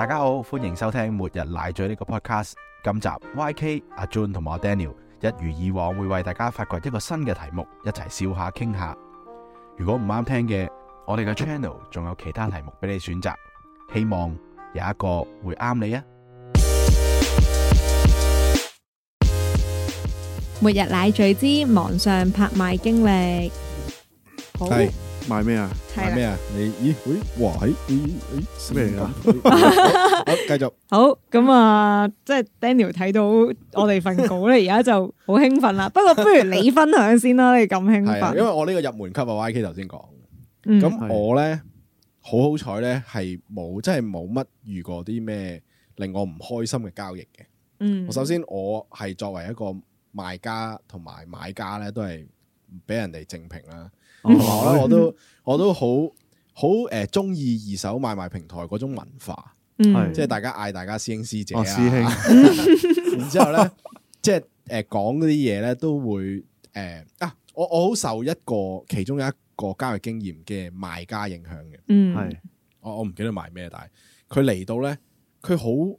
大家好，歡迎收聽《末日奶嘴》呢個 podcast。今集 YK 阿 Jun 同埋阿 Daniel 一如以往會為大家發掘一個新嘅題目，一齊笑下、傾下。如果唔啱聽嘅，我哋嘅 channel 仲有其他題目俾你選擇，希望有一個會啱你啊！《末日奶嘴之網上拍賣經歷》好。賣咩啊？賣咩啊？你咦？喂！哇！誒！誒！係咩嚟噶？好，繼續。好，咁啊，即係 Daniel 睇到我哋份稿咧，而家就好興奮啦。不過不如你分享先啦，你咁興奮。係啊，因為我呢個入門級啊，YK 頭先講。咁我咧好好彩咧，係冇即係冇乜遇過啲咩令我唔開心嘅交易嘅。嗯。我首先我係作為一個賣家同埋買家咧，都係俾人哋正評啦。 我咧，我都我都好好誒，中意二手買賣平台嗰種文化，係的即係大家嗌大家師兄師姐啊、哦，師兄。 然之後咧，即係誒講嗰啲嘢咧，都會誒啊，我我好受一個其中有一個交易經驗嘅賣家影響嘅，嗯係的，我我唔記得賣咩，但係佢嚟到咧，佢好。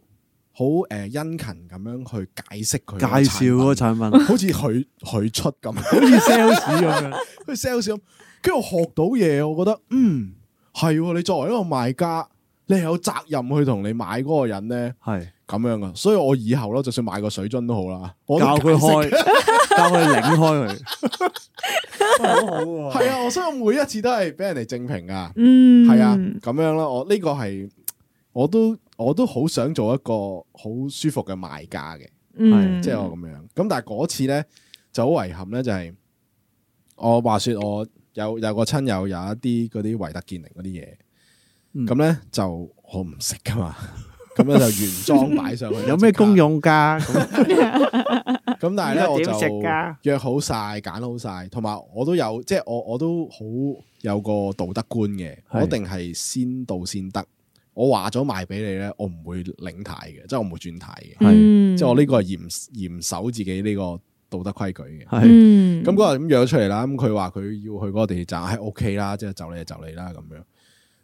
好誒，殷勤咁樣去解釋佢介紹嗰個產品，好似佢佢出咁，好似 sales 咁樣，好似 sales 咁。跟住我學到嘢，我覺得嗯係，你作為一個賣家，你係有責任去同你買嗰個人咧係咁樣啊。所以我以後咯，就算買個水樽都好啦，我教佢開，教佢擰開佢，好好係啊！我所以每一次都係俾人哋正評嗯，係啊咁樣啦。我呢個係我都。我都好想做一個好舒服嘅賣家嘅，係即係我咁樣。咁但係嗰次呢，就好遺憾呢、就是，就係我話說我有有個親友有一啲嗰啲維特健靈嗰啲嘢，咁呢、嗯，就我唔識噶嘛，咁咧 就原裝擺上去， 有咩功用噶？咁 但係呢，我就約好晒，揀好晒，同埋我都有，即、就、係、是、我我都好有個道德觀嘅，我一定係先到先得。我話咗賣俾你咧，我唔會領台嘅，即係我唔會轉台嘅，係，的嗯、即係我呢個係嚴嚴守自己呢個道德規矩嘅。的嗯，咁嗰日咁約咗出嚟啦，咁佢話佢要去嗰個地鐵站，係 O K 啦，即係就你就你啦咁樣。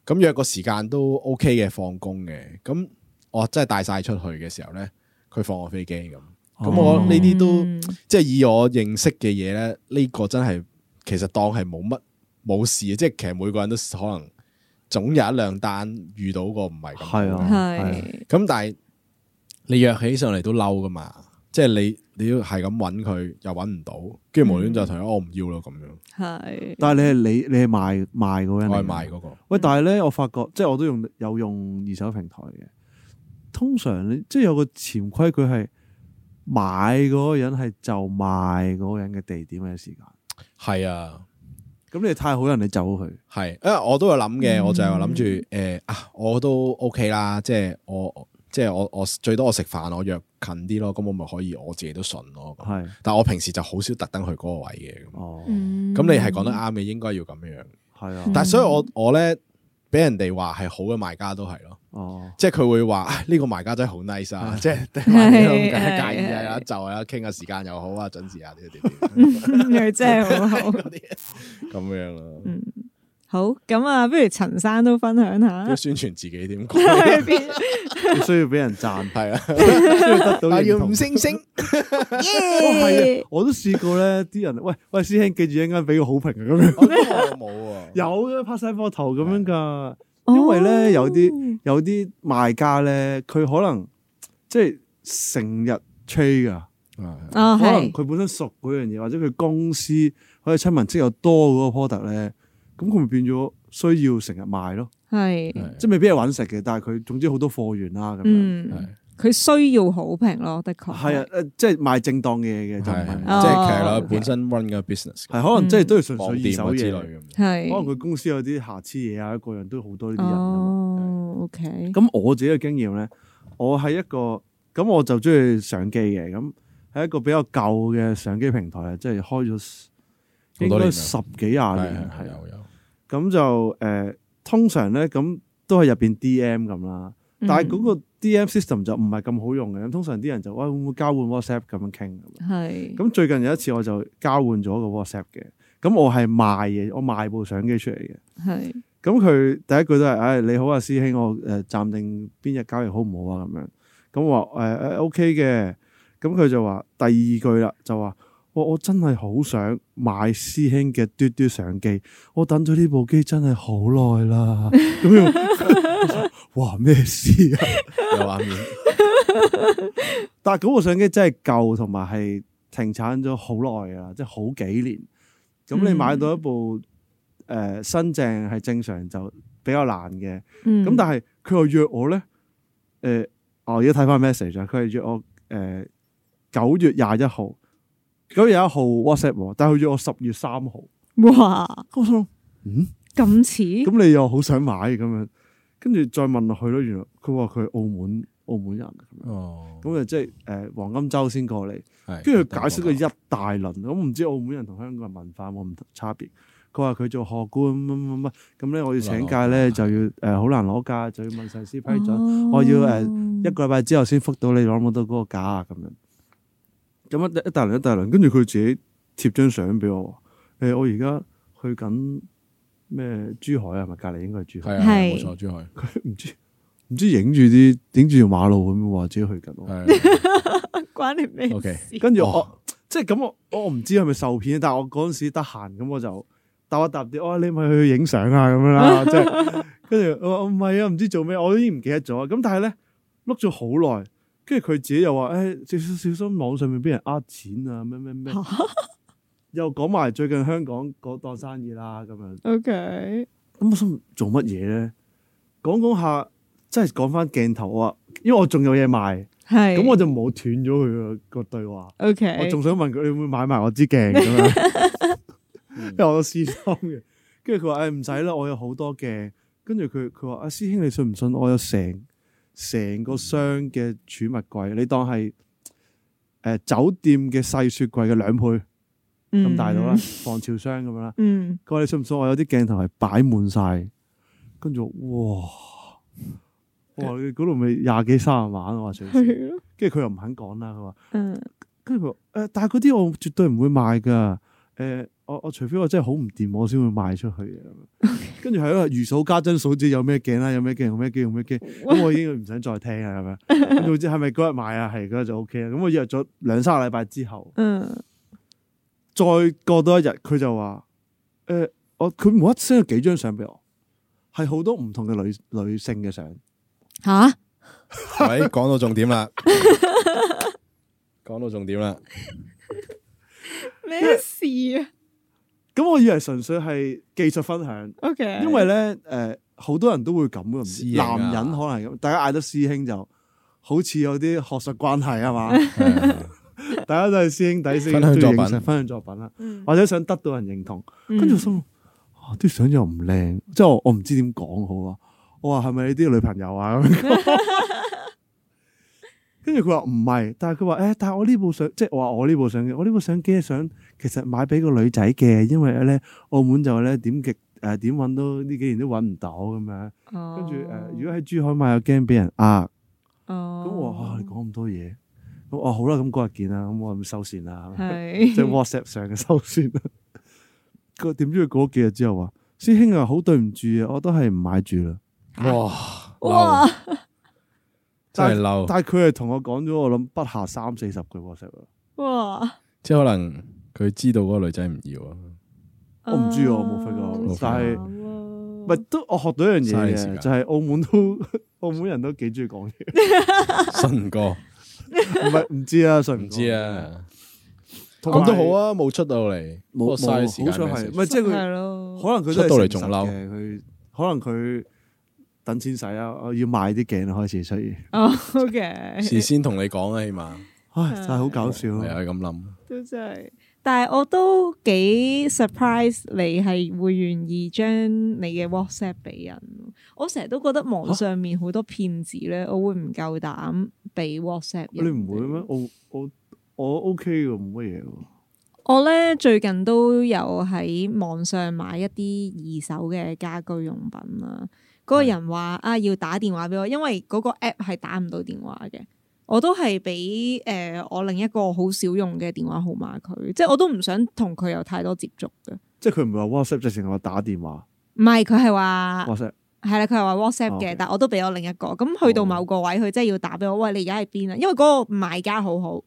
咁、那、約個時間都 O K 嘅放工嘅，咁我真係帶晒出去嘅時候咧，佢放我飛機咁，咁我呢啲都、哦、即係以我認識嘅嘢咧，呢、這個真係其實當係冇乜冇事嘅，即係其實每個人都可能。總有一兩單遇到過唔係咁，係啊，係咁、啊，啊、但係你約起上嚟都嬲噶嘛，即係你你要係咁揾佢，又揾唔到，跟住無端端就同我唔要啦咁樣，係。但係你係你，你係賣賣嗰個人，我係賣嗰、嗰個。喂，但係咧，我發覺即係我都用有用二手平台嘅，通常咧即係有個潛規，佢係買嗰個人係就賣嗰個人嘅地點嘅時間，係啊。咁你太好人，你走去。係，因為我都有諗嘅，嗯、我就係諗住誒啊，我都 OK 啦，即係我即係我我，我最多我食飯，我約近啲咯，咁我咪可以我自己都順咯。係是，但係我平時就好少特登去嗰個位嘅。哦，咁你係講得啱嘅，應該要咁樣樣。啊、嗯，但係所以我我咧俾人哋話係好嘅賣家都係咯。哦，即係佢會話呢個賣家真係好 nice 啊！即係點樣介意啊？就啊，傾下時間又好啊，準時啊，呢啲即係好好啲咁樣咯。嗯，好，咁啊，不如陳生都分享下。宣傳自己點講？需要俾人讚批啊，需要得到認同。要五星星，我都試過咧，啲人喂，喂，師兄記住一陣間俾個好評啊，咁樣。我冇啊，有啊，拍晒膊頭咁樣噶。因為咧有啲、哦、有啲賣家咧，佢可能即係成日吹噶，哦、可能佢本身熟嗰樣嘢，或者佢公司可以親民即有多嗰個 port 咧，咁佢咪變咗需要成日賣咯，是即係未必係揾食嘅，但係佢總之好多貨源啦咁樣。嗯佢需要好平咯，的確係啊，誒，即係賣正當嘢嘅，就唔係即係其實本身 run 嘅 business，係可能即係都要純粹二手之類嘅，係可能佢公司有啲瑕疵嘢啊，個人都好多呢啲人。哦，OK。咁我自己嘅經驗咧，我係一個咁我就中意相機嘅，咁係一個比較舊嘅相機平台啊，即係開咗應該十幾廿年係有有。咁就誒，通常咧咁都係入邊 DM 咁啦，但係嗰個。D.M. system 就唔係咁好用嘅，咁通常啲人就話會唔會交換 WhatsApp 咁樣傾咁。係是。咁最近有一次我就交換咗個 WhatsApp 嘅，咁我係賣嘢，我賣部相機出嚟嘅。係是。咁佢第一句都係，唉、哎、你好啊師兄，我誒暫、呃、定邊日交易好唔好啊咁樣？咁我話誒、哎哎、O.K. 嘅。咁佢就話第二句啦，就話我、哦、我真係好想買師兄嘅嘟嘟相機，我等咗呢部機真係好耐啦。 哇！咩事啊？嘅畫面，但係嗰部相機真係舊，同埋係停產咗好耐噶啦，即係好幾年。咁你買到一部誒、嗯呃、新淨係正常就比較難嘅。咁、嗯、但係佢又約我咧，誒、呃，而家睇返 message，佢係約我誒九、呃、月廿一號。九月廿一號 WhatsApp，但係佢約我十月三號。哇！想嗯，咁似。咁你又好想買咁樣？跟住再問落去咯，原來佢話佢係澳門澳門人，咁啊即係誒黃金周先過嚟，跟住是解釋佢一大輪，咁唔、嗯、知澳門人同香港人文化有冇唔同差別？佢話佢做學官乜乜乜，咁咧我要請假咧、哦、就要誒好、呃、難攞假，就要問上司批准，哦、我要誒、呃、一個禮拜之後先覆到你攞唔到嗰個假啊咁樣。咁啊一,一大輪一大輪，跟住佢自己貼張相俾我，誒、呃呃、我而家去緊。咩珠海啊？係咪隔離應該係珠海？係冇的錯，珠海。佢唔 知唔知影住啲影住條馬路咁，或者去緊喎。 關你咩事？跟住 Okay. 我、哦、即係咁，我我唔知係咪受騙，但係我嗰陣時得閒咁我就答一答啲、啊 啊。我話你咪去影相啊咁樣啦，即係跟住我話唔係啊，唔知做咩，我都已經唔記得咗。咁但係咧碌咗好耐，跟住佢自己又話：誒、哎，小小心網上面俾人呃錢啊，咩咩咩。 又講埋最近香港嗰檔生意啦，咁樣。O K。咁我想做乜嘢咧？講講下，真係講翻鏡頭啊！因為我仲有嘢賣，咁是我就冇斷咗佢個個對話。O K。我仲想問佢，你會唔會買埋我支鏡㗎嘛？因為我都師兄嘅。跟住佢話：誒唔使啦，我有好多鏡。跟住佢佢話：阿、啊、師兄，你信唔信？我有成成個箱嘅儲物櫃，你當係誒、呃、酒店嘅細雪櫃嘅兩倍。咁大到啦，防潮箱咁樣啦。佢話、嗯、你信唔信？我有啲鏡頭係擺滿晒，跟住、嗯、我哇哇嗰度咪廿幾卅萬咯。我話上次，跟住佢又唔肯講啦。佢話，跟住佢話，誒、呃，但係嗰啲我絕對唔會賣㗎。誒、呃，我我除非我真係好唔掂，我先會賣出去嘅。跟住係一個如數家珍，數知有咩鏡啦，有咩鏡，有咩鏡，有咩鏡。咁、嗯、 我已經唔想再聽啊，係咪？總之係咪嗰日買啊？係嗰日，日就 OK 啦。咁我約咗兩三個禮拜之後。嗯。再過多一日，佢就話，誒、呃，我佢每一聲，有幾張相俾我，係好多唔同嘅女女性嘅相。吓、啊，喂，講到重點啦，講到重點啦，咩事啊？咁、呃、我以為純粹係技術分享，OK，因為咧，誒、呃，好多人都會咁噶，人啊、男人可能咁，大家嗌得師兄就，好似有啲學術關係啊嘛。 大家都係師兄弟，先做形式分享作品啦，或者想得到人認同。跟住心，啲、哦、相又唔靚，即係我唔知點講好啊。我話係咪你啲女朋友啊？跟住佢話唔係，但係佢話誒，但係我呢部相，即係我話我呢部相機，我呢部相機想其實買俾個女仔嘅，因為咧澳門就咧點極誒點揾都呢幾年都揾唔到咁樣。跟住誒，如果喺珠海買又驚俾人呃，咁、啊、我、哦嗯哦、話你講咁多嘢。哦，好啦，咁嗰日見啦，咁我咪收線啦，喺即係 WhatsApp 上嘅收線啦。佢點知佢過咗幾日之後話，師兄啊，好對唔住啊，我都係唔買住啦。哇，哇，真係嬲！但係佢係同我講咗，我諗不下三四十句 WhatsApp。哇，即係可能佢知道嗰個女仔唔要啊。我唔知啊，冇發覺。但係唔係都我學到一樣嘢，就係澳門都，澳門人都幾中意講嘢。新哥。唔係唔知啊，信唔知啊，咁都好啊，冇出到嚟，冇嘥時間。唔係即係佢，可能佢真係錢使。佢可能佢等錢使啊，我要買啲鏡開始出現。OK，事先同你講啊，起碼唉，真係好搞笑咯。係咁諗，都真係。但係我都幾 surprise 你係會願意將你嘅 WhatsApp 俾人。我成日都覺得網上面好多騙子咧，我會唔夠膽。你唔會咩？我我我 OK 嘅，冇乜嘢。我咧最近都有喺網上買一啲二手嘅家居用品啦。嗰個人話是啊，要打電話俾我，因為嗰個 app 係打唔到電話嘅。我都係俾誒我另一個好少用嘅電話號碼佢，即係我都唔想同佢有太多接觸嘅。即係佢唔係話 WhatsApp，即係成日打電話。唔係，佢係話 WhatsApp。Wh 係啦，佢係話 WhatsApp 嘅，Wh Okay. 但我都俾我另一個。咁去到某個位，佢真係要打俾我。喂，你而家喺邊啊？因為嗰個賣家好好，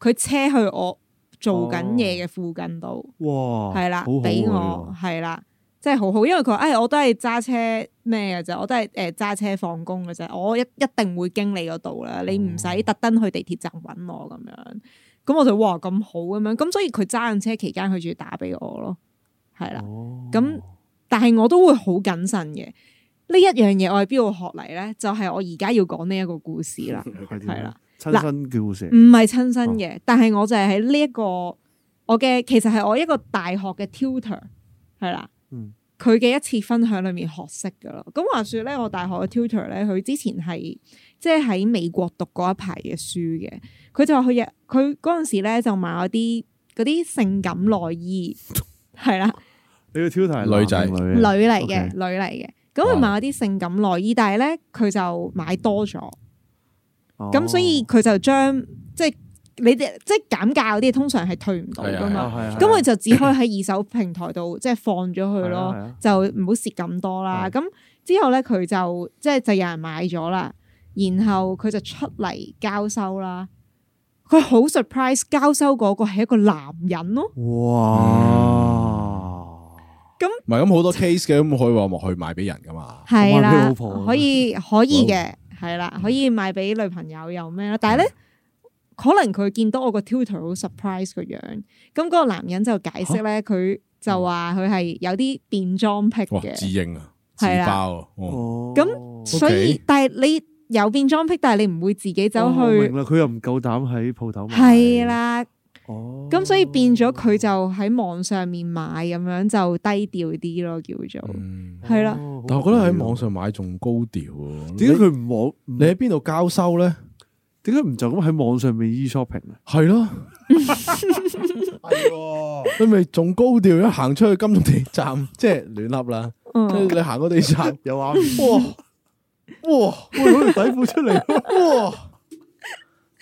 佢車去我做緊嘢嘅附近度。Oh. 的哇！係啦我，俾我係啦，即係好好。因為佢話誒，我都係揸車咩嘅啫，我都係誒揸車放工嘅啫。我一一定會經你嗰度啦，你唔使特登去地鐵站搵我咁、oh. 樣。咁我就哇咁好咁樣。咁所以佢揸緊車期間，佢仲要打俾我咯。係啦，咁、oh. 但係我都會好謹慎嘅。一呢一樣嘢我喺邊度學嚟咧？就係、是、我而家要講呢一個故事啦，係啦 Okay. 了，親身嘅故事，唔係親身嘅，哦、但係我就係喺呢一個我嘅，其實係我一個大學嘅 tutor 係啦，佢嘅、嗯、一次分享裡面學識嘅咯。咁話說咧，我大學嘅 tutor 咧，佢之前係即係喺美國讀過一排嘅書嘅，佢就話佢日佢嗰陣時咧就賣咗啲嗰啲性感內衣係啦， 你個 tutor 係女仔，女嚟嘅，Okay. 女嚟嘅。咁佢買咗啲性感內衣，但係咧佢就買多咗，咁、哦、所以佢就將即係你哋即係減價嗰啲，通常係退唔到噶嘛。咁佢、啊啊啊、就只可以喺二手平台度 即係放咗佢咯，是啊是啊就唔好蝕咁多啦。咁、啊啊、之後咧佢就即係就有人買咗啦，然後佢就出嚟交收啦。佢好 surprise，交收嗰個係一個男人咯。哇！嗯咁唔係咁好多 case 嘅，咁了可以話去賣俾人噶嘛？係啦，可以可以嘅，係啦， 可以賣俾女朋友又咩咯？但係咧，嗯、可能佢見到我個 tutor 好 surprise 個樣，咁、那、嗰個男人就解釋咧，佢、啊、就話佢係有啲變裝癖嘅，自認啊，自爆啊，了哦，咁所以 Okay? 但係你有變裝癖，但係你唔會自己走去，哦、明啦，佢又唔夠膽喺鋪頭買，係啦。哦，咁所以變咗佢就喺網上面買，咁樣就低調啲咯，叫做係啦。但我覺得喺網上買仲高調喎，點解佢唔網？你喺邊度交收咧？點解唔就咁喺網上面 e shopping 啊？係咯，係，你咪仲高調一行出去金地站，即係亂笠啦。你行個地站又話哇哇，喂，攞條底褲出嚟，哇，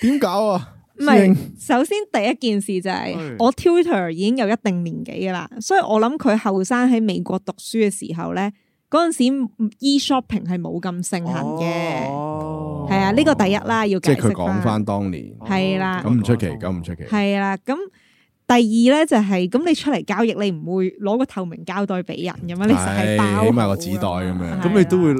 點搞啊？唔係，首先第一件事就係、是嗯、我 Twitter 已經有一定年紀噶啦，所以我諗佢後生喺美國讀書嘅時候咧，嗰陣時 e-shopping 係冇咁盛行嘅，係啊、哦，呢個第一啦，要即係佢講翻當年係啦，咁唔出奇，咁唔出奇係啦，咁、嗯、第二咧就係、是、咁你出嚟交易，你唔會攞個透明膠袋俾人咁樣，你實係包起，起碼個紙袋咁樣，咁你都會。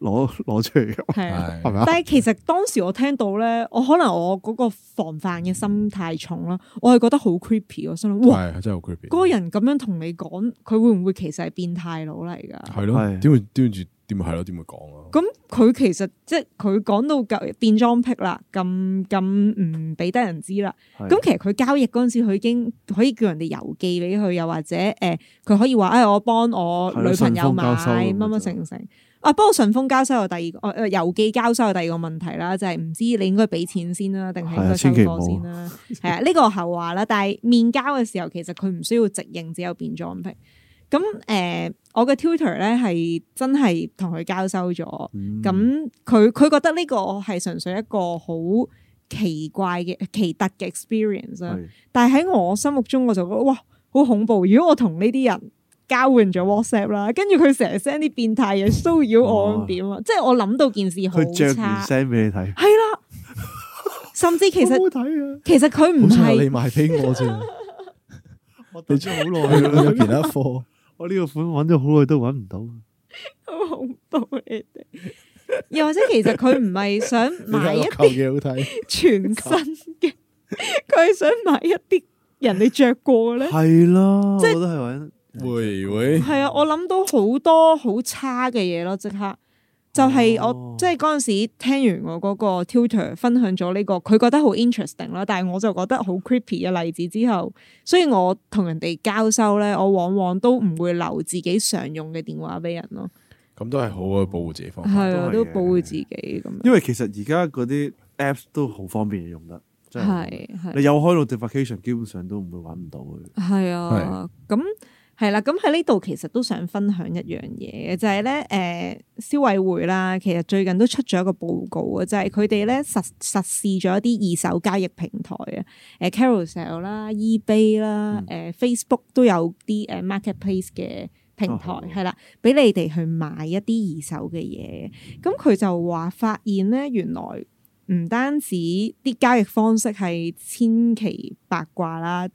攞攞出嚟㗎，係啊，但係其實當時我聽到咧，我可能我嗰個防範嘅心太重啦，我係覺得好 creepy 我心諗，哇，真係好 creepy，嗰個人咁樣同你講，佢會唔會其實係變態佬嚟噶？係咯，點會端住點會係咯，點會講啊？咁佢其實即係佢講到夠變裝癖啦，咁咁唔俾得人知啦。咁係其實佢交易嗰陣時，佢已經可以叫人哋郵寄俾佢，又或者誒，佢、呃、可以話誒、哎、我幫我女朋友買乜乜成成。啊、不過順豐交收有第二個，誒、啊、郵寄交收有第二個問題啦，就係、是、唔知你應該俾錢先啦，定係應該收貨先啦？係啊，呢個後話啦。但係面交嘅時候，其實佢唔需要直認，只有變裝癖。咁誒、呃，我嘅 tutor 咧係真係同佢交收咗。咁佢佢覺得呢個係純粹一個好奇怪嘅奇特嘅 experience 啦。是但係喺我心目中，我就覺得哇，好恐怖！如果我同呢啲人，交換咗 WhatsApp 啦，跟住佢成日 send 啲變態嘢，騷擾我點啊！即係我諗到件事好差，佢着件 send 俾你睇，係啦，甚至其實其實佢唔係你買俾我啫， 我等咗好耐有其他貨，我呢個款搵咗好耐都搵唔到 ，好恐怖你哋，又或者其實佢唔係想買一啲嘅好睇，全新嘅，佢係想買一啲人哋着過咧，係啦，即係都係搵。喂喂，係啊！我諗到好多好差嘅嘢咯，即刻就係我、哦、即係嗰陣時聽完我嗰個 tutor 分享咗呢、這個，佢覺得好 interesting 啦，但係我就覺得好 creepy 嘅例子之後，所以我同人哋交收咧，我往往都唔會留自己常用嘅電話俾人咯。咁、哦、都係好啊，保護自己方法啊，都保護自己咁。對因為其實而家嗰啲 apps 都好方便用得，即係你有開到 notification，基本上都唔會揾唔到嘅。係啊，咁。對對係啦，咁喺呢度其實都想分享一樣嘢，就係、是、咧，誒、呃、消委會啦，其實最近都出咗一個報告啊，就係佢哋咧實實試咗一啲二手交易平台啊，誒 Carousell 啦、Car el, eBay 啦、嗯、誒、呃、Facebook 都有啲誒 marketplace 嘅平台，係啦、嗯，俾你哋去買一啲二手嘅嘢。咁佢、嗯、就話發現咧，原來唔單止啲交易方式係千奇百怪啦。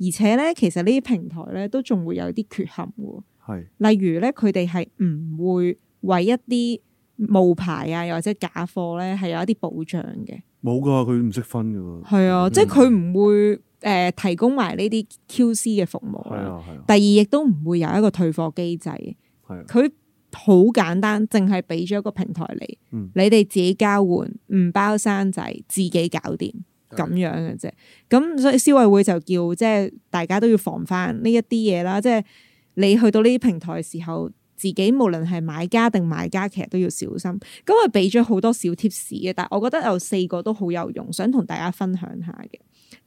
而且咧，其實呢啲平台咧都仲會有啲缺陷喎。係。例如咧，佢哋係唔會為一啲冒牌啊，又或者假貨咧，係有一啲保障嘅。冇噶，佢唔識分嘅喎。係啊，嗯、即係佢唔會誒、呃、提供埋呢啲 QC 嘅服務，啊。係啊係。啊第二亦都唔會有一個退貨機制。係、啊。佢好簡單，淨係俾咗一個平台嚟，嗯、你哋自己交換，唔包生仔，自己搞掂。咁樣嘅啫，咁所以消委會就叫即係大家都要防翻呢一啲嘢啦。即係你去到呢啲平台嘅時候，自己無論係買家定買家，其實都要小心。咁我俾咗好多小貼士嘅，但係我覺得有四個都好有用，想同大家分享下嘅。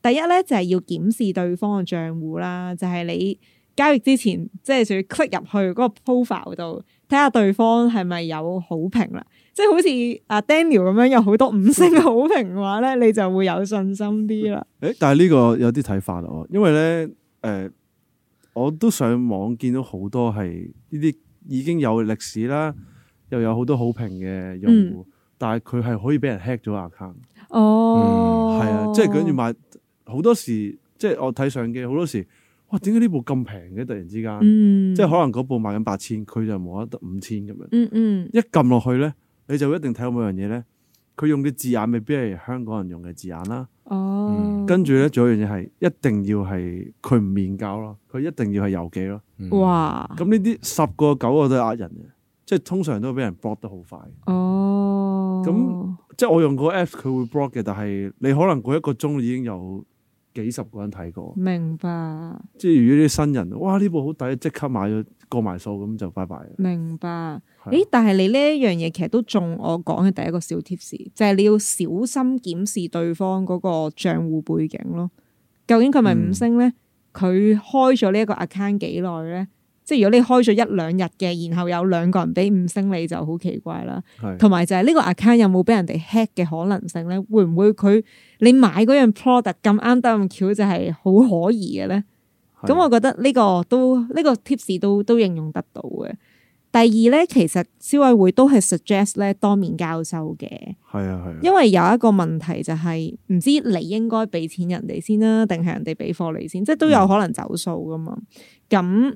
第一咧就係要檢視對方嘅賬戶啦，就係你交易之前即係要 click 入去嗰個 profile 度。睇下對方係咪有好評啦，即係好似阿 Daniel 咁樣有好多五星好評嘅話咧，你就會有信心啲啦。誒、欸，但係呢個有啲睇法咯，因為咧誒、呃，我都上網見到好多係呢啲已經有歷史啦，又有好多好評嘅用戶，嗯、但係佢係可以俾人 hack 咗 account。哦，係、嗯、啊，即係跟住買好多時，即係我睇相嘅好多時。哇！點解呢部咁平嘅？突然之間，嗯、即係可能嗰部賣緊八千，佢就冇得五千咁樣。嗯嗯，嗯一撳落去咧，你就一定睇到每樣嘢咧。佢用嘅字眼未必係香港人用嘅字眼啦。哦，跟住咧，仲、嗯、有一樣嘢係一定要係佢唔面交咯，佢一定要係郵寄咯。嗯、哇！咁呢啲十個九個都係呃人嘅，即係通常都俾人 block 得好快。哦，咁、嗯嗯、即係我用過個 app 佢會 block 嘅，但係你可能嗰一個鐘已經有。幾十個人睇過，明白。即係如果啲新人，哇！呢部好抵，即刻買咗過埋數，咁就拜拜。明白。誒的，但係你呢一樣嘢，其實都中我講嘅第一個小 tips，就係、是、你要小心檢視對方嗰個賬戶背景咯。究竟佢咪五星呢？佢、嗯、開咗呢一個 account 幾耐呢？即係如果你開咗一兩日嘅，然後有兩個人俾五星你就好奇怪啦。同埋是的 就係呢個 account 有冇俾人哋 hack 嘅可能性咧？會唔會佢你買嗰樣 product 咁啱得咁巧就係、是、好可疑嘅咧？咁是的 我覺得呢個都呢、呢個 tips 都都應用得到嘅。第二咧，其實消委會都係 suggest 咧當面交收嘅。係啊係啊，因為有一個問題就係、是、唔知你應該俾錢人哋先啦、啊，定係人哋俾貨你先？即係都有可能走數噶嘛。咁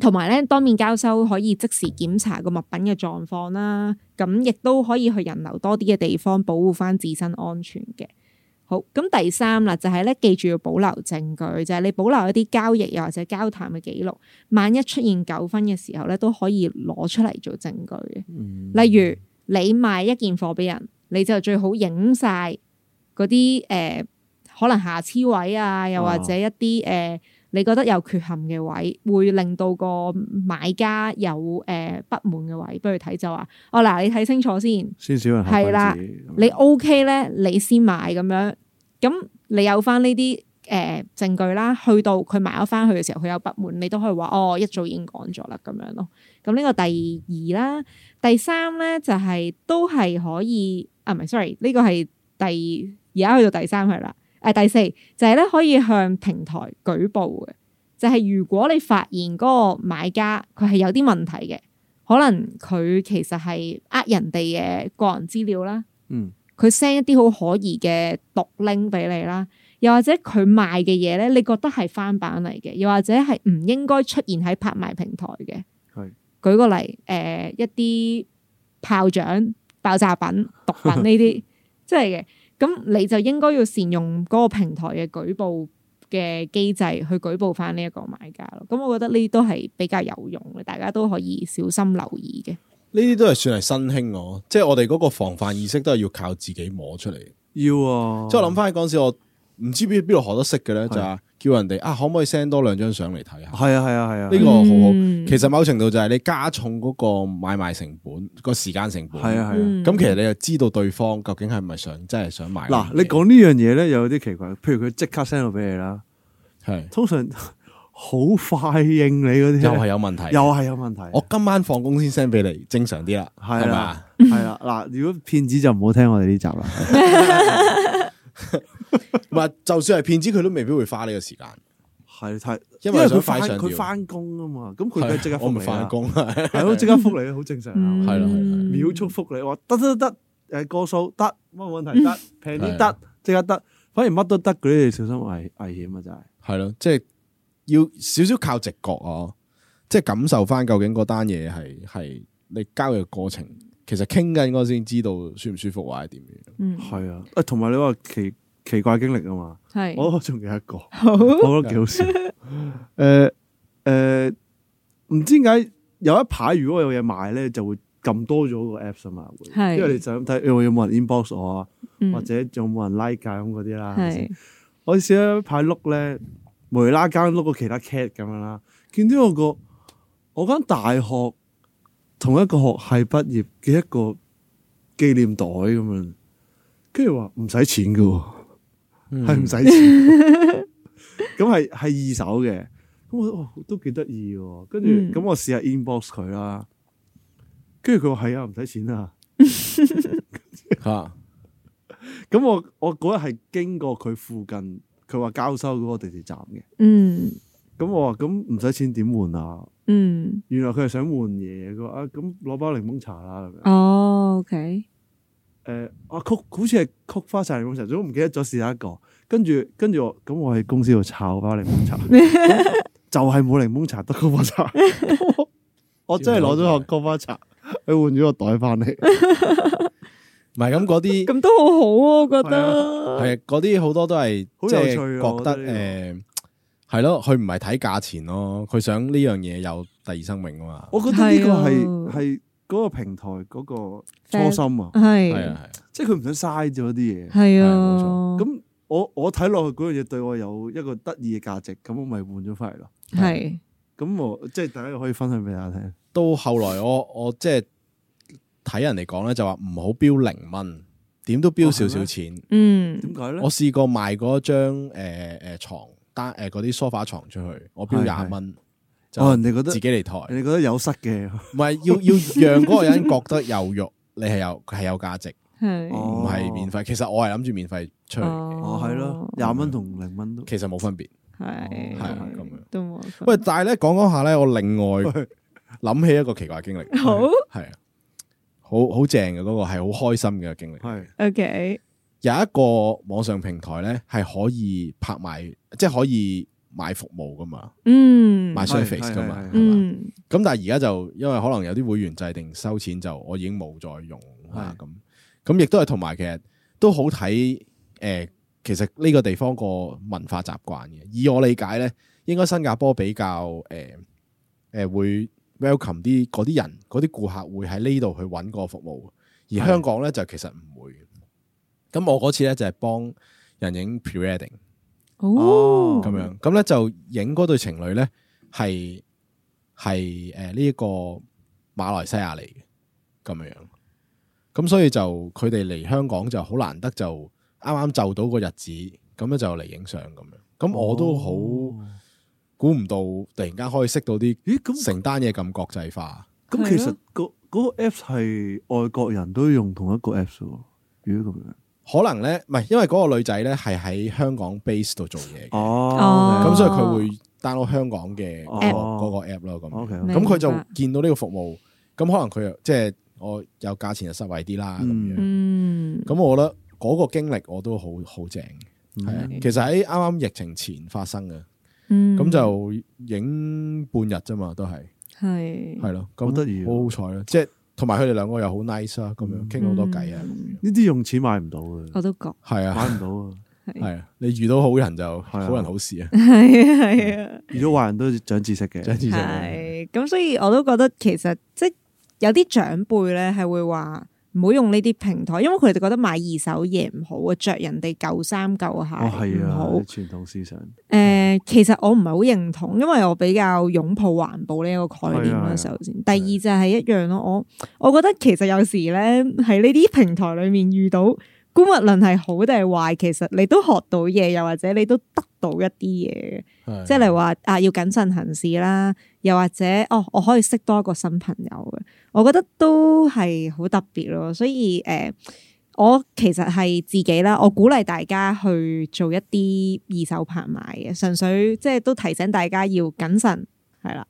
同埋咧，當面交收可以即時檢查個物品嘅狀況啦，咁亦都可以去人流多啲嘅地方保護翻自身安全嘅。好，咁第三啦，就係咧，記住要保留證據啫，就係你保留一啲交易又或者交談嘅記錄，萬一出現糾紛嘅時候咧，都可以攞出嚟做證據。嗯，例如你賣一件貨俾人，你就最好影晒嗰啲誒可能瑕疵位啊，又或者一啲誒。哦你覺得有缺陷嘅位，會令到個買家有誒、呃、不滿嘅位，不如睇就話，哦嗱、呃，你睇清楚先，先少人係啦，你 OK 咧，你先買咁樣，咁你有翻呢啲誒證據啦，去到佢買咗翻去嘅時候，佢有不滿，你都可以話，哦，一早已經講咗啦，咁樣咯，咁呢個第二啦，第三咧就係、是、都係可以，啊唔係，sorry，呢個係第二，而家去到第三去啦。誒第四就係咧可以向平台舉報嘅，就係如果你發現嗰個買家佢係有啲問題嘅，可能佢其實係呃人哋嘅個人資料啦，嗯，佢 send 一啲好可疑嘅毒拎俾你啦，又或者佢賣嘅嘢咧，你覺得係翻版嚟嘅，又或者係唔應該出現喺拍賣平台嘅，係，舉個例誒，一啲炮仗、爆炸品、毒品呢啲，即係嘅。咁你就應該要善用嗰個平台嘅舉報嘅機制去舉報翻呢一個買家咯。咁我覺得呢啲都係比較有用嘅，大家都可以小心留意嘅。呢啲都係算係新興哦，即係我哋嗰個防範意識都係要靠自己摸出嚟。要啊！即係我諗翻起嗰陣時我唔知邊邊度學得識嘅咧，就係。叫人哋啊，可唔可以 send 多兩張相嚟睇下？係啊，係啊，係啊，呢個好好。其實某程度就係你加重嗰個買賣成本，個時間成本。係啊，係啊。咁其實你就知道對方究竟係咪想真係想買？嗱，你講呢樣嘢咧，又有啲奇怪。譬如佢即刻 send 到俾你啦，係通常好快應你嗰啲，又係有問題，又係有問題。我今晚放工先 send 俾你，正常啲啦，係嘛？係啦，嗱，如果騙子就唔好聽我哋呢集啦。唔係，就算係騙子，佢都未必會花呢個時間。係太，因為佢快上，佢翻工啊嘛。咁佢梗係即刻覆你啦。我唔翻工，係咯，即刻覆你，好正常啊。係啦，係啦，秒速覆你，話得得得，誒個數得，冇問題得，平啲得，即刻得，反而乜都得嗰啲，小心危危險啊！真係。係咯，即係要少少靠直覺啊，即係感受翻究竟嗰單嘢係係你交易嘅過程。其實傾緊我先知道舒唔舒服或者點樣，嗯，係啊，誒，同埋你話奇奇怪經歷啊嘛，係，我仲記得一個，我覺得幾好笑，誒誒，唔知點解有一排如果我有嘢買咧，就會撳多咗個 apps 啊嘛，係，因為你就咁睇，有冇人 inbox 我啊，或者仲冇人 like 咁嗰啲啦，係，我試咗一排碌咧，無厘拉間碌過其他 cat 咁樣啦，見到我個我間大學，大學。同一個學系畢業嘅一個紀念袋咁樣，跟住話唔使錢嘅，係唔使錢，咁係係二手嘅，咁、哦、我都幾得意嘅。跟住咁我試下 inbox 佢啦，跟住佢話係啊，唔使錢啊，吓。咁我我嗰日係經過佢附近，佢話交收嗰個地鐵站嘅。嗯。咁我話咁唔使錢點換啊？嗯，原來佢係想換嘢，佢話啊咁攞包檸檬茶啦咁樣。哦，OK，誒，啊，曲好似係菊花茶、檸檬茶，總之我唔記得咗是下一個。跟住跟住我咁，我喺公司度炒包檸檬茶，就係冇檸檬茶得菊花茶。我真係攞咗個菊花茶去換咗個袋翻嚟，唔係咁嗰啲，咁都好好啊，我覺得係啊，嗰啲好多都係即係覺得誒。係咯，佢唔係睇價錢咯，佢想呢樣嘢有第二生命啊嘛。我覺得呢個係係嗰個平台嗰個初心啊，係係啊係，即係佢唔想嘥咗啲嘢。係啊的，咁我我睇落去嗰樣嘢對我有一個得意嘅價值，咁我咪換咗返嚟咯。係的，咁我即係大家可以分享俾大家聽。到後來我我即係睇人嚟講咧，就話唔好標零蚊，點都標少，少少錢。嗯，點解咧？我試過賣嗰張誒誒床。單誒嗰啲梳化床出去，我標廿蚊，哦，人哋覺得自己嚟抬，你覺得有失嘅，唔係要要讓嗰個人覺得有肉，你係有係有價值，係唔係免費？其實我係諗住免費出去，哦係咯，廿蚊同零蚊都，其實冇分別，係係咁樣，都冇分別。喂，但係咧講講下咧，我另外諗起一個奇怪經歷，好係啊，好好正嘅嗰個係好開心嘅經歷，係。OK。有一個網上平台咧，係可以拍賣，即係可以買服務噶嘛，嗯，買 service 噶嘛，咁但係而家就因為可能有啲會員制定收錢就，就我已經冇再用啊咁，咁，嗯，亦都係同埋其實都好睇誒，其實呢個地方個文化習慣嘅，以我理解咧，應該新加坡比較呃呃會 welcome 啲嗰啲人，嗰啲顧客會喺呢度去揾個服務，而香港咧就，其實唔會。咁我嗰次咧就係幫人影 preparing，哦，咁樣，咁咧就影嗰對情侶咧係係誒呢一、呃這個馬來西亞嚟嘅，咁樣，咁所以就佢哋嚟香港就好難得就啱啱就到個日子，咁咧就嚟影相咁樣，咁我都好估唔到突然間可以識到啲，咦咁成單嘢咁國際化，咁、哦、其實個嗰、啊嗰個 app 係外國人都用同一個 app 嘅，如果咁樣。可能咧，唔係，因為嗰個女仔咧係喺香港 base 度做嘢嘅，咁所以佢會 download 香港嘅 a 嗰個 app 咯，咁，咁佢就見到呢個服務，咁可能佢又即係我有價錢就實惠啲啦，咁樣，咁我覺得嗰個經歷我都好好正嘅，係啊，其實喺啱啱疫情前發生嘅，咁就影半日啫嘛，都係，係，係咯，咁得意，好好彩啊，即係。同埋佢哋兩個又好 nice 啊、嗯，咁樣傾好多偈啊，呢啲、嗯、用錢買唔到嘅。我都覺係啊，買唔到啊，係啊， 你遇到好人就好人好事啊，係啊係啊。遇到壞人都長知識嘅，長知識係咁，的所以我都覺得其實即係有啲長輩咧係會話。唔好用呢啲平台，因為佢哋覺得買二手嘢唔好啊，著人哋舊衫舊鞋。哦，係啊，傳統思想。誒、呃，其實我唔係好認同，因為我比較擁抱環保呢一個概念啦。首先，第二就係一樣咯，我我覺得其實有時咧喺呢啲平台裡面遇到，估物論係好定係壞，其實你都學到嘢，又或者你都得到一啲嘢，是的 即係例如話啊，要謹慎行事啦，又或者哦，我可以識多一個新朋友嘅，我覺得都係好特別咯。所以誒、呃，我其實係自己啦，我鼓勵大家去做一啲二手拍賣嘅，純粹即係都提醒大家要謹慎，係啦。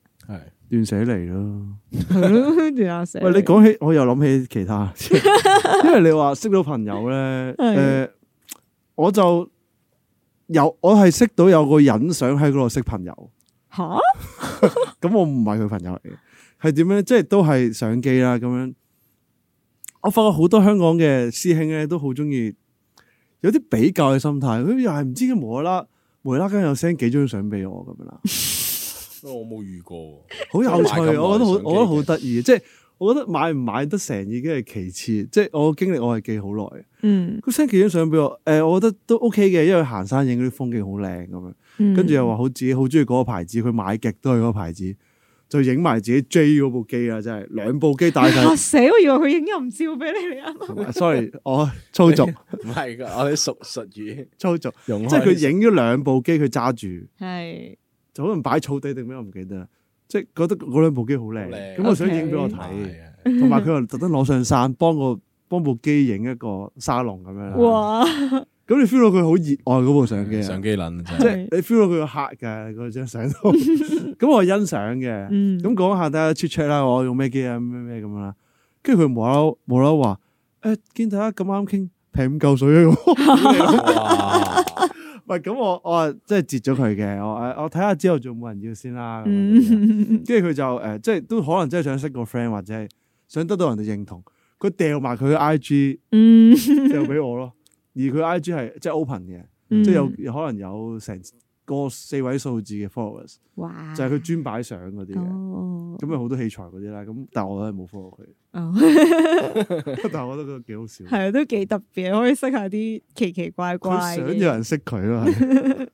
亂寫嚟咯，亂寫。喂，你講 起，我又諗起其他。因為你話識到朋友咧，誒、 呃，我就有我係識到有個人想喺嗰度識朋友。吓蛤？咁 我唔係佢朋友嚟嘅，係點咧？即係都係相機啦，咁樣。我發覺好多香港嘅師兄咧，都好中意有啲比較嘅心態。佢又係唔知佢無啦啦，無啦啦，跟住又 send 幾張相俾我咁樣啦。我冇遇過，好有趣，我覺得好，我覺得好得意。即係我覺得買唔買得成已經係其次，即係我經歷我係記好耐。嗯，佢 send 幾張相俾我，誒，我覺得都 OK 嘅，因為行山影嗰啲風景好靚咁樣。跟住又話好自己好中意嗰個牌子，佢買極都係嗰個牌子，就影埋自己 J 嗰部機啊，真係兩部機帶晒。吓死！我以為佢影咗唔照俾你。你阿，sorry，我粗俗唔係噶，我啲熟術語粗俗，即係佢影咗兩部機，佢揸住係。就可能擺草地定咩我唔記得啦，即係覺得嗰兩部機好靚，咁我想影俾我睇，同埋佢又特登攞上山幫個 幫部機影一個沙龍咁樣啦。哇！咁你 feel 到佢好熱愛嗰、哎、部相機、嗯、相機癲即係你 feel 到佢有慻㗎嗰張相圖。咁 我欣賞嘅，咁、 嗯、講下睇下 check check 啦，我用咩機啊咩咩咁啦。跟住佢無啦無啦話，誒見、哎、大家咁啱傾，平唔夠水喎。唔係，咁我我即係截咗佢嘅。我誒我睇下之後仲冇人要先啦，跟住佢就誒、呃、即係都可能真係想識個 friend 或者係想得到人哋認同，佢掉埋佢 I G 掉俾我咯，而佢 I G 係即係 open 嘅，即係 有可能有成。 四位數字嘅 followers，就係佢專擺相嗰啲嘅，咁咪好多器材嗰啲啦。咁但係我都係冇 follow 佢，但係我覺得都幾好笑，係啊，都幾特別，可以識下啲奇奇怪怪嘅。想有人識佢囉，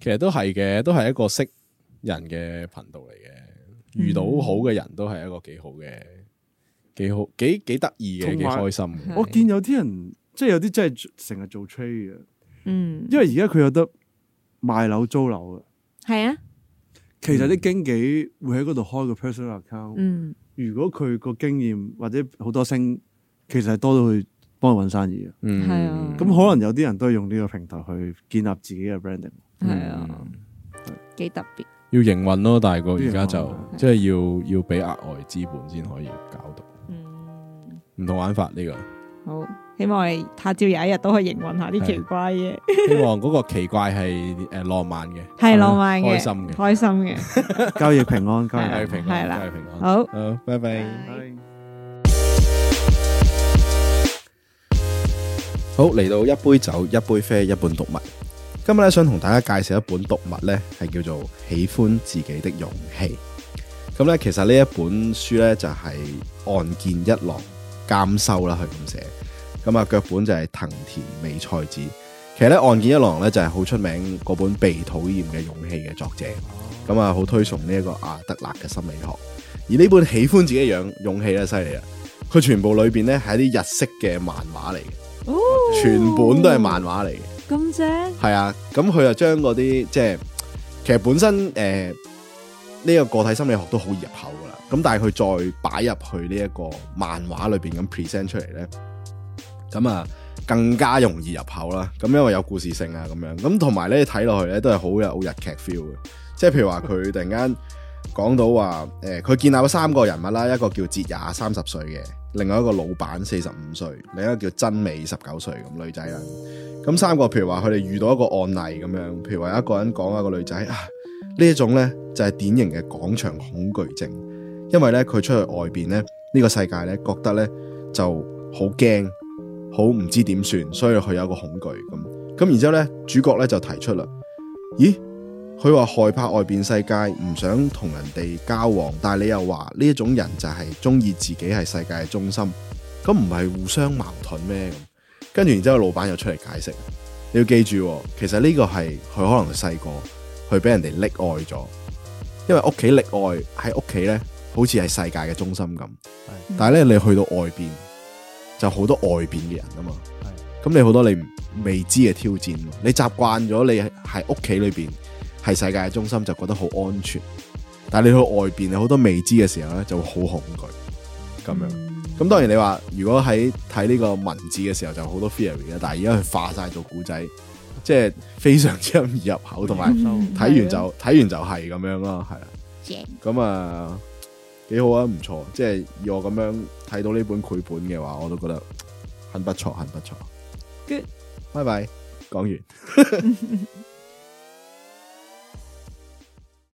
其實都係嘅，都係一個識人嘅頻道嚟嘅。遇到好嘅人都係一個幾好嘅，幾好幾幾得意嘅，幾開心。我見有啲人即係有啲真係成日做 trade 嘅，嗯，因為而家佢有得。賣樓租樓嘅，係啊，其實啲經紀會喺嗰度開個 personal account。嗯，如果佢個經驗或者好多星，其實係多到去幫佢搵生意啊。嗯，係啊。咁可能有啲人都係用呢個平台去建立自己嘅 branding。係啊，幾特別。要營運咯，大個而家就即係要要俾額外資本先可以搞到。嗯，唔同玩法呢個。好，希望他朝有一日都可以營運下啲奇怪嘢。希望嗰個奇怪係誒浪漫嘅，係浪漫嘅，開心嘅，開心嘅，交易平安，交易平安，係啦，交易平安，好，好，拜拜。好，嚟到一杯酒，一杯啡，一本讀物。今日咧想同大家介紹一本讀物咧，係叫做《喜歡自己的勇氣》。咁咧，其實呢一本書咧就係《岸見一郎》。監修啦，佢咁寫，咁啊腳本就係藤田美菜子。其實咧岸見一郎咧就係、是、好出名嗰本被討厭嘅勇氣嘅作者，咁啊好推崇呢一個阿德勒嘅心理學。而呢本喜歡自己樣勇氣咧犀利啊！佢全部裏邊咧係一啲日式嘅漫畫嚟，嘅、哦，全本都係漫畫嚟嘅，咁正係啊。咁佢就將嗰啲即係，其實本身誒。呃呢個個體心理學都好易入口噶啦，咁但係佢再擺入去呢一個漫畫裏邊咁 present 出嚟咧，咁啊更加容易入口啦。咁因為有故事性啊，咁樣咁同埋咧你睇落去咧都係好有日劇 feel 嘅。即係譬如話佢突然間講到話，誒佢建立咗三個人物啦，一個叫哲也三十歲嘅，另外一個老闆四十五歲，另一個叫真美十九歲咁女仔啦。咁三個譬如話佢哋遇到一個案例咁樣，譬如話一個人講啊個女仔啊。呢一種呢就係典型嘅廣場恐懼症，因為呢，佢出去外邊呢，呢個世界呢，覺得呢就好驚，好唔知點算，所以佢有一個恐懼咁。咁然之後呢主角呢就提出啦，咦，佢話害怕外邊世界，唔想同人哋交往，但係你又話呢一種人就係中意自己係世界嘅中心，咁唔係互相矛盾咩？跟住然之後老闆又出嚟解釋，你要記住，其實呢個係佢可能細個。佢俾人哋溺愛咗，因為屋企溺愛喺屋企咧，好似係世界嘅中心咁。的但係咧，你去到外邊就好多外邊嘅人啊嘛。咁的你好多你未知嘅挑戰，你習慣咗你喺屋企裏邊係世界嘅中心，就覺得好安全。但係你去外邊有好多未知嘅時候咧，就好恐懼咁樣。咁當然你話如果喺睇呢個文字嘅時候就好多 theory 啊，但係而家佢化晒做古仔。即係非常之易入口，同埋睇完就睇、嗯、完就係咁樣咯，係啦。咁啊 Yeah.，幾好啊，唔錯。即係以我咁樣睇到呢本繪本嘅話，我都覺得很不錯，很不錯。Good，拜拜。講完。